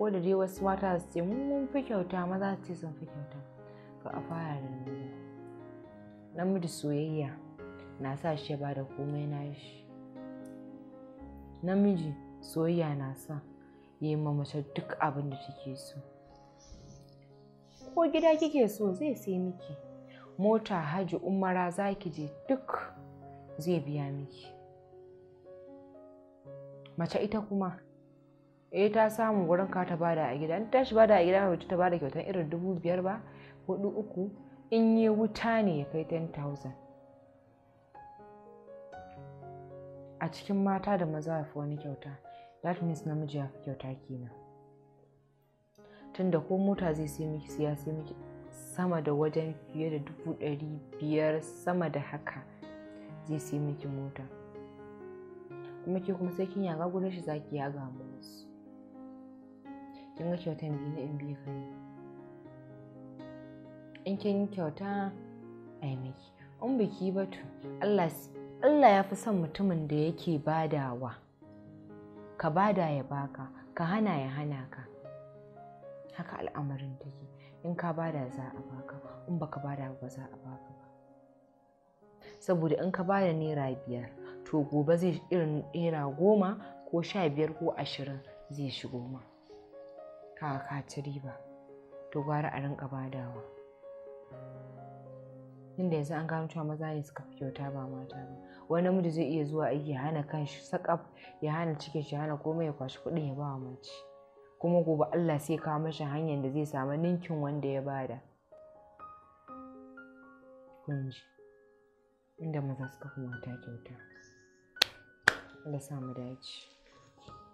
ko da dai wasu mata su ce mun fi kyauta maza su ce sun fi kyauta to a fara da nuna namiji soyayya na sa shi ba da komai na shi namiji soyayya na sa ya yi ma mace duk abin da take so ko gida kike so zai sai miki mota hajji umara za ki je duk zai biya miki mace ita kuma eh ta samu gurin ka ta bada a gida in ta shi bada a gida mai ta bada kyautar irin dubu biyar ba hudu uku in yi wuta ne ya kai 10,000 a cikin mata da maza ya fi wani kyauta that means namiji ya fi kyauta kenan da ko mota zai sai miki siya sai miki sama da wajen fiye da dubu ɗari biyar sama da haka zai sai miki mota kuma ke kuma sai kin yaga gurin shi zaki ya gamu. kin ga kyautan biyu na in biyu ka ne in kin kyauta a yi miki in biki ba to Allah ya fi son mutumin da yake badawa ka bada ya baka ka hana ya hana ka haka al'amarin take in ka bada za a baka in baka bada ba za a baka ba saboda in ka bada naira biyar to gobe zai irin naira goma ko sha biyar ko ashirin zai shigo ma Ka ka ci riba to gwara a rinka badawa tunda yanzu an gano cewa maza ne suka fi kyauta ba mata ba wani namiji zai iya zuwa aiki ya hana kan shi sakaf ya hana cikin shi hana komai ya kwashi kuɗin ya ba wa mace kuma gobe Allah sai ka mashi hanyar da zai samu ninkin wanda ya bada kunji inda maza suka fi mata kyauta Allah samu dace